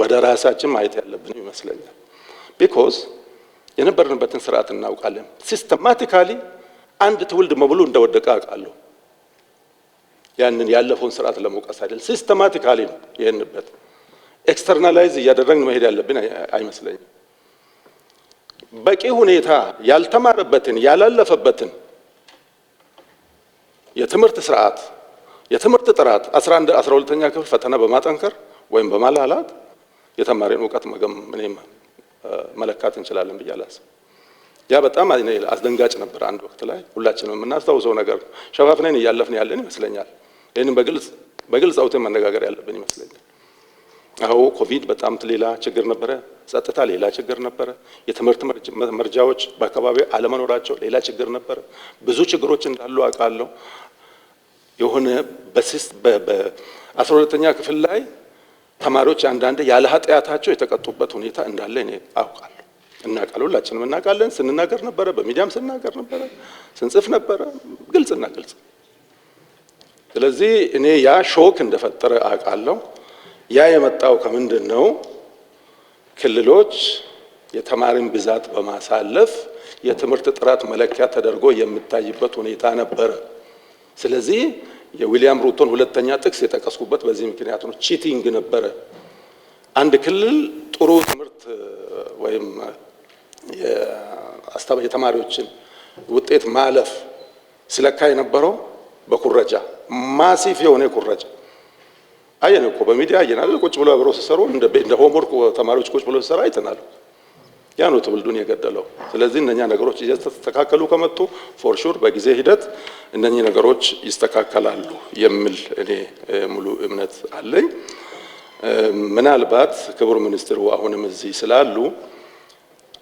ወደ ራሳችን ማየት ያለብን ይመስለኛል። ቢኮዝ የነበርንበትን ስርዓት እናውቃለን። ሲስተማቲካሊ አንድ ትውልድ መብሉ እንደወደቀ አውቃለሁ። ያንን ያለፈውን ስርዓት ለመውቀስ አይደለም፣ ሲስተማቲካሊ ነው ይህንበት ኤክስተርናላይዝ እያደረግን መሄድ ያለብን አይመስለኝም። በቂ ሁኔታ ያልተማረበትን ያላለፈበትን የትምህርት ስርዓት የትምህርት ጥራት አንድ አስራ ሁለተኛ ክፍል ፈተና በማጠንከር ወይም በማላላት የተማሪን እውቀት መገምኔም መለካት እንችላለን ብዬ አላስብ። ያ በጣም አስደንጋጭ ነበር። አንድ ወቅት ላይ ሁላችንም የምናስታውሰው ነገር ነው። ሸፋፍነን እያለፍን ያለን ይመስለኛል። ይህንን በግልጽ አውጥተን መነጋገር ያለብን ይመስለኛል። አዎ ኮቪድ በጣም ሌላ ችግር ነበረ። ጸጥታ ሌላ ችግር ነበረ። የትምህርት መርጃዎች በአካባቢ አለመኖራቸው ሌላ ችግር ነበረ። ብዙ ችግሮች እንዳሉ አውቃለሁ። የሆነ በስስ በአስራ ሁለተኛ ክፍል ላይ ተማሪዎች አንዳንድ ያለ ኃጢአታቸው የተቀጡበት ሁኔታ እንዳለ እኔ አውቃለሁ። እናውቃለን፣ ሁላችንም እናውቃለን። ስንናገር ነበረ፣ በሚዲያም ስንናገር ነበረ፣ ስንጽፍ ነበረ፣ ግልጽና ግልጽ። ስለዚህ እኔ ያ ሾክ እንደፈጠረ አውቃለሁ። ያ የመጣው ከምንድን ነው? ክልሎች የተማሪን ብዛት በማሳለፍ የትምህርት ጥራት መለኪያ ተደርጎ የሚታይበት ሁኔታ ነበረ። ስለዚህ የዊሊያም ሩቶን ሁለተኛ ጥቅስ የጠቀስኩበት በዚህ ምክንያት ነው። ቺቲንግ ነበረ። አንድ ክልል ጥሩ ትምህርት ወይም የተማሪዎችን ውጤት ማለፍ ሲለካ የነበረው በኩረጃ ማሲፍ የሆነ ኩረጃ አየን እኮ በሚዲያ አየናል። ቁጭ ብሎ አብረው ሲሰሩ እንደ ሆምወርክ ተማሪዎች ቁጭ ብሎ ሲሰራ አይተናል። ያ ነው ትውልዱን የገደለው። ስለዚህ እነኛ ነገሮች እየተስተካከሉ ከመጡ ፎር ሹር በጊዜ ሂደት እነኚህ ነገሮች ይስተካከላሉ የሚል እኔ ሙሉ እምነት አለኝ። ምናልባት ክቡር ሚኒስትሩ አሁንም እዚህ ስላሉ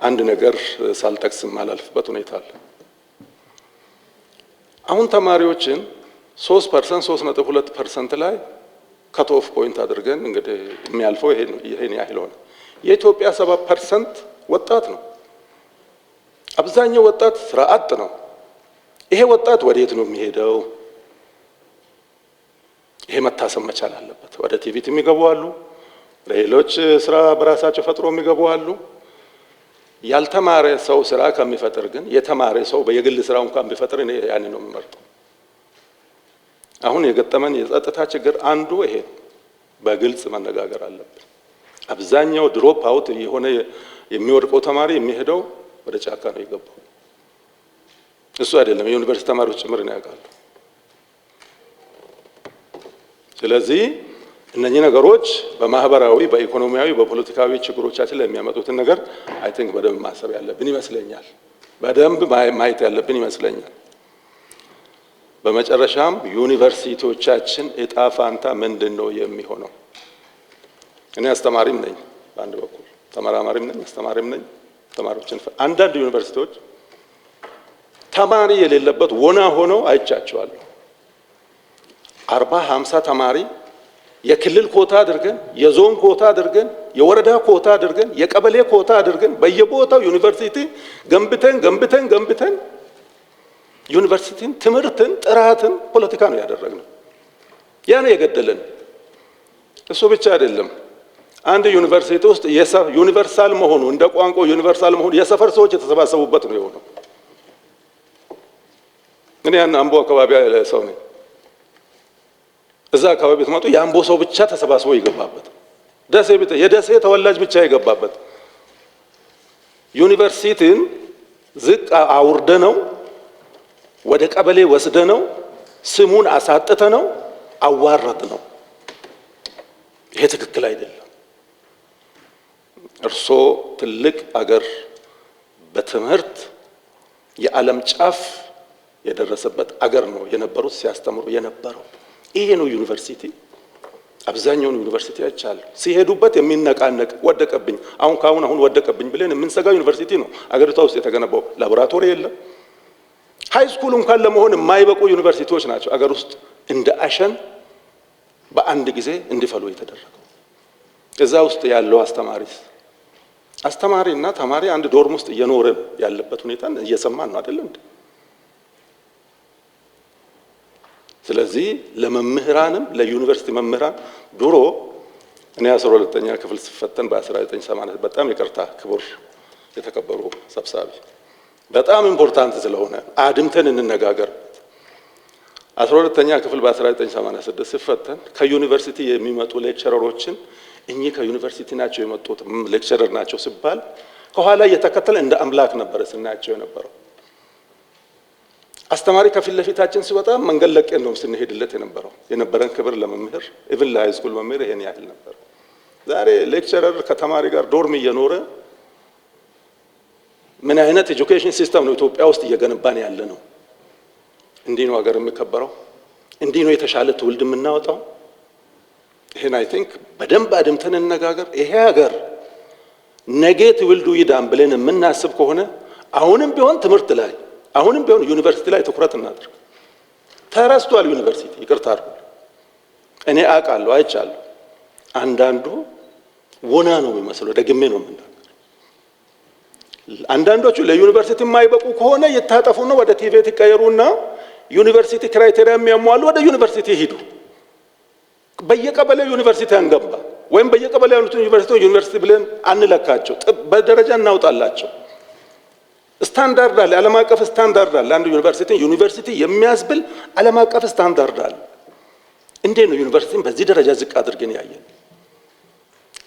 አንድ ነገር ሳልጠቅስ ማላልፍበት ሁኔታ አለ። አሁን ተማሪዎችን ሶስት ፐርሰንት ሶስት ነጥብ ሁለት ፐርሰንት ላይ ከቶፍ ፖይንት አድርገን እንግዲህ የሚያልፈው ይሄን ያህል ሆነ። የኢትዮጵያ ሰባ ፐርሰንት ወጣት ነው። አብዛኛው ወጣት ስራ አጥ ነው። ይሄ ወጣት ወዴት ነው የሚሄደው? ይሄ መታሰብ መቻል አለበት። ወደ ቲቪት የሚገቡ አሉ፣ ሌሎች ስራ በራሳቸው ፈጥሮ የሚገቡ አሉ። ያልተማረ ሰው ስራ ከሚፈጥር ግን የተማረ ሰው በየግል ስራው እንኳን ቢፈጥር እኔ ያኔ ነው የምመርጠው። አሁን የገጠመን የጸጥታ ችግር አንዱ ይሄ ነው። በግልጽ መነጋገር አለብን። አብዛኛው ድሮፕ አውት የሆነ የሚወድቀው ተማሪ የሚሄደው ወደ ጫካ ነው የገባው። እሱ አይደለም የዩኒቨርሲቲ ተማሪዎች ጭምር ነው ያውቃሉ። ስለዚህ እነኚህ ነገሮች በማህበራዊ፣ በኢኮኖሚያዊ፣ በፖለቲካዊ ችግሮቻችን ላይ የሚያመጡትን ነገር አይ ቲንክ በደንብ ማሰብ ያለብን ይመስለኛል። በደንብ ማየት ያለብን ይመስለኛል። በመጨረሻም ዩኒቨርሲቲዎቻችን እጣ ፋንታ ምንድን ነው የሚሆነው? እኔ አስተማሪም ነኝ፣ በአንድ በኩል ተመራማሪም ነኝ፣ አስተማሪም ነኝ። ተማሪዎችን አንዳንድ ዩኒቨርሲቲዎች ተማሪ የሌለበት ወና ሆነው አይቻቸዋለሁ። አርባ ሀምሳ ተማሪ የክልል ኮታ አድርገን የዞን ኮታ አድርገን የወረዳ ኮታ አድርገን የቀበሌ ኮታ አድርገን በየቦታው ዩኒቨርሲቲ ገንብተን ገንብተን ገንብተን ዩኒቨርሲቲን፣ ትምህርትን፣ ጥራትን ፖለቲካ ነው ያደረግነው። ያ ነው የገደለን። እሱ ብቻ አይደለም። አንድ ዩኒቨርሲቲ ውስጥ ዩኒቨርሳል መሆኑ እንደ ቋንቋ ዩኒቨርሳል መሆኑ የሰፈር ሰዎች የተሰባሰቡበት ነው የሆነው። እኔ ያን አምቦ አካባቢ ሰው ነኝ። እዛ አካባቢ ብትመጡ የአምቦ ሰው ብቻ ተሰባስቦ ይገባበት፣ ደሴ የደሴ ተወላጅ ብቻ ይገባበት። ዩኒቨርሲቲን ዝቅ አውርደ ነው ወደ ቀበሌ ወስደ ነው ስሙን አሳጥተ ነው አዋረድ ነው። ይሄ ትክክል አይደለም። እርስዎ ትልቅ አገር በትምህርት የዓለም ጫፍ የደረሰበት አገር ነው የነበሩት ሲያስተምሩ የነበረው። ይሄ ነው ዩኒቨርሲቲ። አብዛኛውን ዩኒቨርሲቲ አይቻለሁ ሲሄዱበት የሚነቃነቅ ወደቀብኝ፣ አሁን ከአሁን አሁን ወደቀብኝ ብለን የምንሰጋ ዩኒቨርሲቲ ነው አገሪቷ ውስጥ የተገነባው። ላቦራቶሪ የለም። ሃይ ስኩል እንኳን ለመሆን የማይበቁ ዩኒቨርሲቲዎች ናቸው አገር ውስጥ እንደ አሸን በአንድ ጊዜ እንዲፈሉ የተደረገው። እዛ ውስጥ ያለው አስተማሪስ አስተማሪ እና ተማሪ አንድ ዶርም ውስጥ እየኖረ ያለበት ሁኔታን እየሰማን ነው እንዴ? ስለዚህ ለመምህራንም ለዩኒቨርሲቲ መምህራን ድሮ እኔ አስራ ሁለተኛ ክፍል ስፈተን በ1980 በጣም ይቅርታ ክቡር የተከበሩ ሰብሳቢ በጣም ኢምፖርታንት ስለሆነ አድምተን እንነጋገርበት። አስራ ሁለተኛ ክፍል በ1986 ስፈተን ከዩኒቨርሲቲ የሚመጡ ሌክቸረሮችን እኚህ ከዩኒቨርሲቲ ናቸው የመጡት ሌክቸረር ናቸው ሲባል ከኋላ እየተከተለ እንደ አምላክ ነበረ ስናያቸው የነበረው። አስተማሪ ከፊት ለፊታችን ሲወጣ መንገድ ለቀን ነው ስንሄድለት የነበረው። የነበረን ክብር ለመምህር ኢቭን ለሃይስኩል መምህር ይሄን ያህል ነበር። ዛሬ ሌክቸረር ከተማሪ ጋር ዶርም እየኖረ ምን አይነት ኤጁኬሽን ሲስተም ነው ኢትዮጵያ ውስጥ እየገነባን ያለ ነው? እንዲህ ነው ሀገር የሚከበረው? እንዲህ ነው የተሻለ ትውልድ የምናወጣው? ይሄን አይ ቲንክ በደንብ አድምተን እንነጋገር። ይሄ ሀገር ነገ ትውልዱ ይዳን ብለን የምናስብ ከሆነ አሁንም ቢሆን ትምህርት ላይ አሁንም ቢሆን ዩኒቨርሲቲ ላይ ትኩረት እናድርግ። ተረስቷል። ዩኒቨርሲቲ ይቅርታ አድርጉ። እኔ አውቃለሁ፣ አይቻለሁ። አንዳንዱ ወና ነው የሚመስለው፣ ደግሜ ነው የምናገር። አንዳንዶቹ ለዩኒቨርሲቲ የማይበቁ ከሆነ ይታጠፉና ወደ ቲቬት ይቀየሩና ዩኒቨርሲቲ ክራይቴሪያ የሚያሟሉ ወደ ዩኒቨርሲቲ ሂዱ። በየቀበሌው ዩኒቨርሲቲ አንገባ ወይም በየቀበሌው ያሉትን ዩኒቨርሲቲ ዩኒቨርሲቲ ብለን አንለካቸው። በደረጃ እናውጣላቸው። ስታንዳርድ አለ፣ ዓለም አቀፍ ስታንዳርድ አለ። አንድ ዩኒቨርሲቲ ዩኒቨርሲቲ የሚያስብል ዓለም አቀፍ ስታንዳርድ አለ። እንዴ ነው ዩኒቨርሲቲን በዚህ ደረጃ ዝቅ አድርገን ያየን?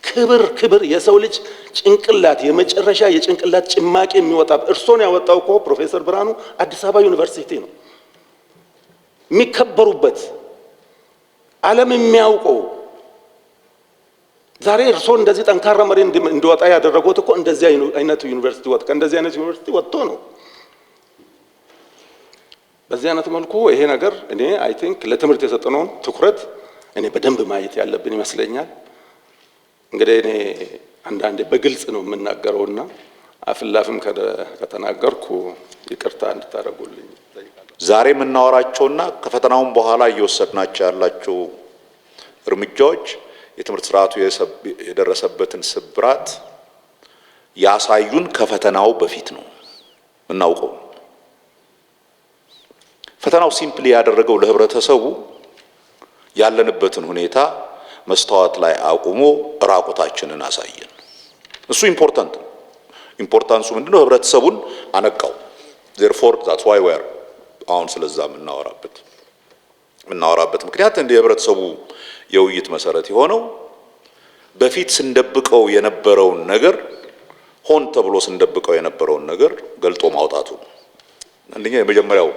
ክብር ክብር የሰው ልጅ ጭንቅላት የመጨረሻ የጭንቅላት ጭማቂ የሚወጣ እርሶን ያወጣው እኮ ፕሮፌሰር ብርሃኑ አዲስ አበባ ዩኒቨርሲቲ ነው የሚከበሩበት ዓለም የሚያውቀው ዛሬ እርስዎ እንደዚህ ጠንካራ መሪ እንዲወጣ ያደረጉት እኮ እንደዚህ አይነት ዩኒቨርሲቲ ወጥ ከእንደዚህ አይነት ዩኒቨርሲቲ ወጥቶ ነው። በዚህ አይነት መልኩ ይሄ ነገር እኔ አይ ቲንክ ለትምህርት የሰጠነውን ትኩረት እኔ በደንብ ማየት ያለብን ይመስለኛል። እንግዲህ እኔ አንዳንዴ በግልጽ ነው የምናገረውና አፍላፍም ከተናገርኩ ይቅርታ እንድታደርጉልኝ ዛሬ የምናወራቸውና ከፈተናውን በኋላ እየወሰድናቸው ያላቸው እርምጃዎች የትምህርት ስርዓቱ የደረሰበትን ስብራት ያሳዩን ከፈተናው በፊት ነው የምናውቀው። ፈተናው ሲምፕሊ ያደረገው ለህብረተሰቡ ያለንበትን ሁኔታ መስተዋት ላይ አቁሞ ራቁታችንን አሳየን። እሱ ኢምፖርታንት ነው። ኢምፖርታንሱ ምንድነው? ህብረተሰቡን አነቃው። ዜርፎር ዛትስ ዋይ አሁን ስለዛ የምናወራበት የምናወራበት ምክንያት እንደ የህብረተሰቡ የውይይት መሰረት የሆነው በፊት ስንደብቀው የነበረውን ነገር ሆን ተብሎ ስንደብቀው የነበረውን ነገር ገልጦ ማውጣቱ አንደኛ የመጀመሪያው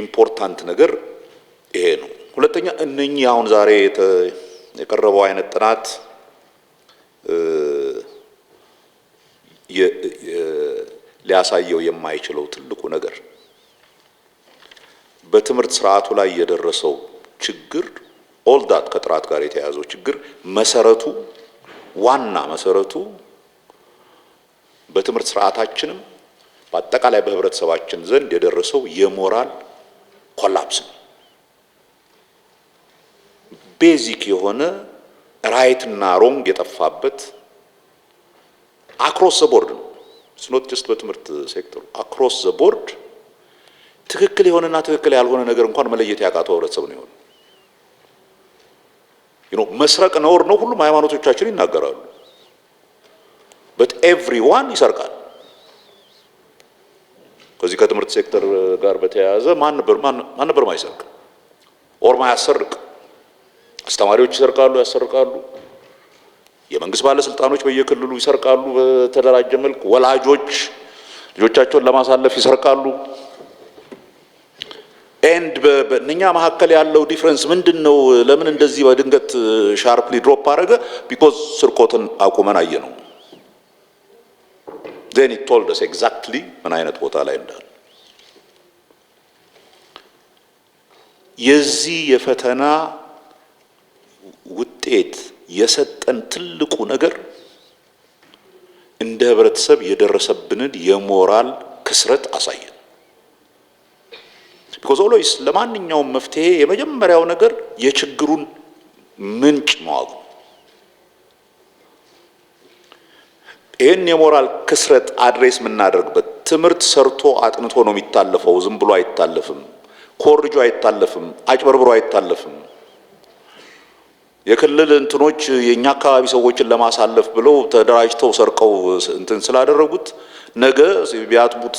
ኢምፖርታንት ነገር ይሄ ነው። ሁለተኛ እነኚህ አሁን ዛሬ የቀረበው አይነት ጥናት ሊያሳየው የማይችለው ትልቁ ነገር በትምህርት ስርዓቱ ላይ የደረሰው ችግር ኦልዳት ከጥራት ጋር የተያያዘው ችግር መሰረቱ ዋና መሰረቱ በትምህርት ስርዓታችንም በአጠቃላይ በህብረተሰባችን ዘንድ የደረሰው የሞራል ኮላፕስ ነው። ቤዚክ የሆነ ራይትና ሮንግ የጠፋበት አክሮስ ዘ ቦርድ ነው። ስኖት ጀስት በትምህርት ሴክተሩ አክሮስ ዘ ቦርድ ትክክል የሆነና ትክክል ያልሆነ ነገር እንኳን መለየት ያቃተው ህብረተሰብ ነው የሆነው። መስረቅ ነውር ነው፣ ሁሉም ሃይማኖቶቻችን ይናገራሉ። በት ኤቭሪዋን ይሰርቃል። ከዚህ ከትምህርት ሴክተር ጋር በተያያዘ ማን ነበር ማይሰርቅ ኦር ማያሰርቅ? አስተማሪዎች ይሰርቃሉ፣ ያሰርቃሉ። የመንግስት ባለስልጣኖች በየክልሉ ይሰርቃሉ፣ በተደራጀ መልክ ወላጆች ልጆቻቸውን ለማሳለፍ ይሰርቃሉ። ኤንድ በእነኛ መካከል ያለው ዲፍረንስ ምንድን ነው? ለምን እንደዚህ በድንገት ሻርፕሊ uh, ድሮፕ አደረገ? ቢኮዝ ስርቆትን አቁመን አየ ነው። ዜን ኢት ቶልድ አስ ኤግዛክትሊ ምን አይነት ቦታ ላይ እንዳለ። የዚህ የፈተና ውጤት የሰጠን ትልቁ ነገር እንደ ህብረተሰብ የደረሰብንን የሞራል ክስረት አሳየ። ቢኮዝ ኦልዌይስ ለማንኛውም መፍትሄ የመጀመሪያው ነገር የችግሩን ምንጭ ማወቅ ነው። ይህን የሞራል ክስረት አድሬስ የምናደርግበት ትምህርት ሰርቶ አጥንቶ ነው የሚታለፈው። ዝም ብሎ አይታለፍም፣ ኮርጆ አይታለፍም፣ አጭበርብሮ አይታለፍም። የክልል እንትኖች የእኛ አካባቢ ሰዎችን ለማሳለፍ ብለው ተደራጅተው ሰርቀው እንትን ስላደረጉት ነገ ቢያጥቡት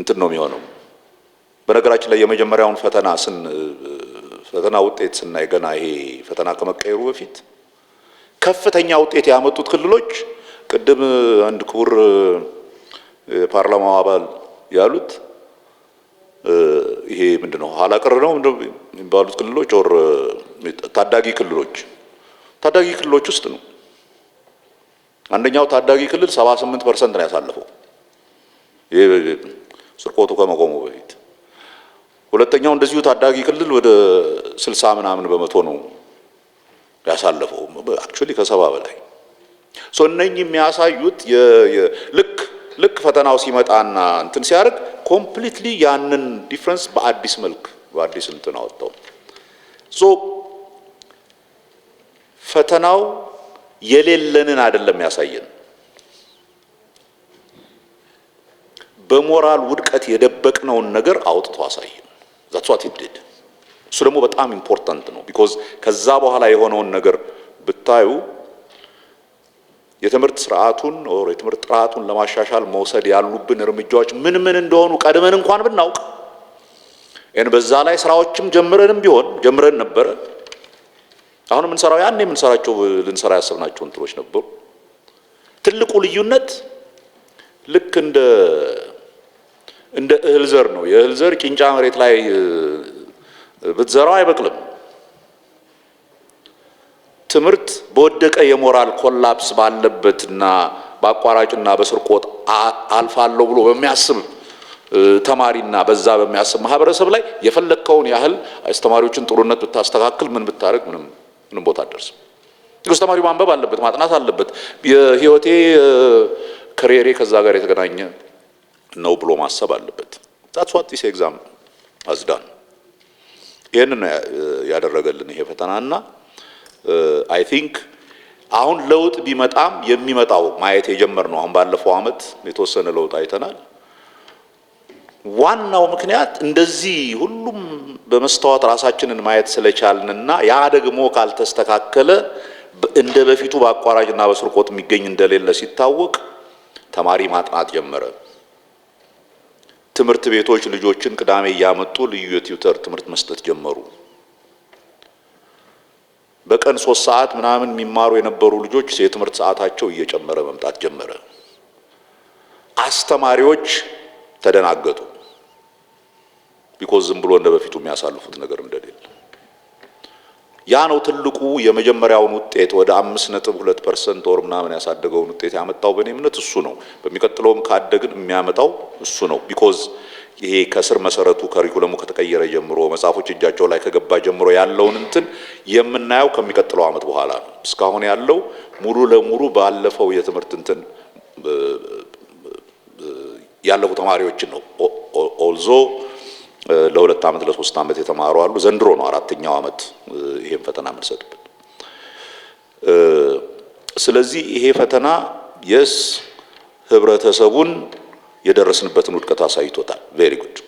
እንትን ነው የሚሆነው። በነገራችን ላይ የመጀመሪያውን ፈተና ስን ፈተና ውጤት ስናይ ገና ይሄ ፈተና ከመቀየሩ በፊት ከፍተኛ ውጤት ያመጡት ክልሎች ቅድም አንድ ክቡር ፓርላማው አባል ያሉት ይሄ ምንድን ነው ኋላቀር ነው የሚባሉት ክልሎች ኦር ታዳጊ ክልሎች ታዳጊ ክልሎች ውስጥ ነው። አንደኛው ታዳጊ ክልል 78 ፐርሰንት ነው ያሳለፈው ይሄ ስርቆቱ ከመቆሙ በፊት ሁለተኛው እንደዚሁ ታዳጊ ክልል ወደ ስልሳ ምናምን በመቶ ነው ያሳለፈው አክቹዋሊ ከሰባ በላይ ሶ እነኚህ የሚያሳዩት ልክ ልክ ፈተናው ሲመጣና እንትን ሲያደርግ ኮምፕሊትሊ ያንን ዲፍረንስ በአዲስ መልክ በአዲስ እንትን አወጣው። ሶ ፈተናው የሌለንን አይደለም ያሳየን፣ በሞራል ውድቀት የደበቅነውን ነገር አውጥቶ አሳየን። ዛትስ ዋት ኢት ዲድ። እሱ ደግሞ በጣም ኢምፖርታንት ነው ቢኮዝ ከዛ በኋላ የሆነውን ነገር ብታዩ የትምህርት ስርዓቱን ኦር የትምህርት ጥራቱን ለማሻሻል መውሰድ ያሉብን እርምጃዎች ምን ምን እንደሆኑ ቀድመን እንኳን ብናውቅ ይህን በዛ ላይ ስራዎችም ጀምረንም ቢሆን ጀምረን ነበረ። አሁን የምንሰራው ያኔ የምንሰራቸው ልንሰራ ያሰብናቸው እንትኖች ነበሩ። ትልቁ ልዩነት ልክ እንደ እንደ እህል ዘር ነው። የእህል ዘር ቂንጫ መሬት ላይ ብትዘራው አይበቅልም። ትምህርት በወደቀ የሞራል ኮላፕስ ባለበትና በአቋራጭና በስርቆት አልፋለሁ ብሎ በሚያስብ ተማሪና በዛ በሚያስብ ማህበረሰብ ላይ የፈለግከውን ያህል አስተማሪዎችን ጥሩነት ብታስተካክል ምን ብታደርግ ምንም ምንም ቦታ አደርስም። ይህ ማንበብ አለበት፣ ማጥናት አለበት። የህይወቴ ከሬሬ ከዛ ጋር የተገናኘ ነው ብሎ ማሰብ አለበት። ታት ዋት ኤግዛም አዝዳን ይህንን ያደረገልን ይሄ ፈተናና አይ ቲንክ አሁን ለውጥ ቢመጣም የሚመጣው ማየት ነው አሁን ባለፈው አመት የተወሰነ ለውጥ አይተናል። ዋናው ምክንያት እንደዚህ ሁሉም በመስታወት ራሳችንን ማየት ስለቻልንና ያ ደግሞ ካልተስተካከለ እንደ በፊቱ በአቋራጭና በስርቆት የሚገኝ እንደሌለ ሲታወቅ ተማሪ ማጥናት ጀመረ። ትምህርት ቤቶች ልጆችን ቅዳሜ እያመጡ ልዩ የቲዩተር ትምህርት መስጠት ጀመሩ። በቀን ሶስት ሰዓት ምናምን የሚማሩ የነበሩ ልጆች የትምህርት ሰዓታቸው እየጨመረ መምጣት ጀመረ። አስተማሪዎች ተደናገጡ። ቢኮዝ ዝም ብሎ እንደ በፊቱ የሚያሳልፉት ነገር እንደሌለ ያ ነው ትልቁ የመጀመሪያውን ውጤት ወደ አምስት ነጥብ ሁለት ፐርሰንት ወር ምናምን ያሳደገውን ውጤት ያመጣው በእኔ እምነት እሱ ነው። በሚቀጥለውም ካደግን የሚያመጣው እሱ ነው። ቢኮዝ ይሄ ከስር መሰረቱ ከሪኩለሙ ከተቀየረ ጀምሮ መጽሐፎች እጃቸው ላይ ከገባ ጀምሮ ያለውን እንትን የምናየው ከሚቀጥለው አመት በኋላ ነው። እስካሁን ያለው ሙሉ ለሙሉ ባለፈው የትምህርት እንትን ያለፉ ተማሪዎችን ነው ኦልዞ ለሁለት ዓመት ለሶስት ዓመት የተማሩ አሉ። ዘንድሮ ነው አራተኛው ዓመት ይሄን ፈተና የምንሰጥበት። ስለዚህ ይሄ ፈተና የስ ህብረተሰቡን የደረስንበትን ውድቀት አሳይቶታል። ቬሪ ጉድ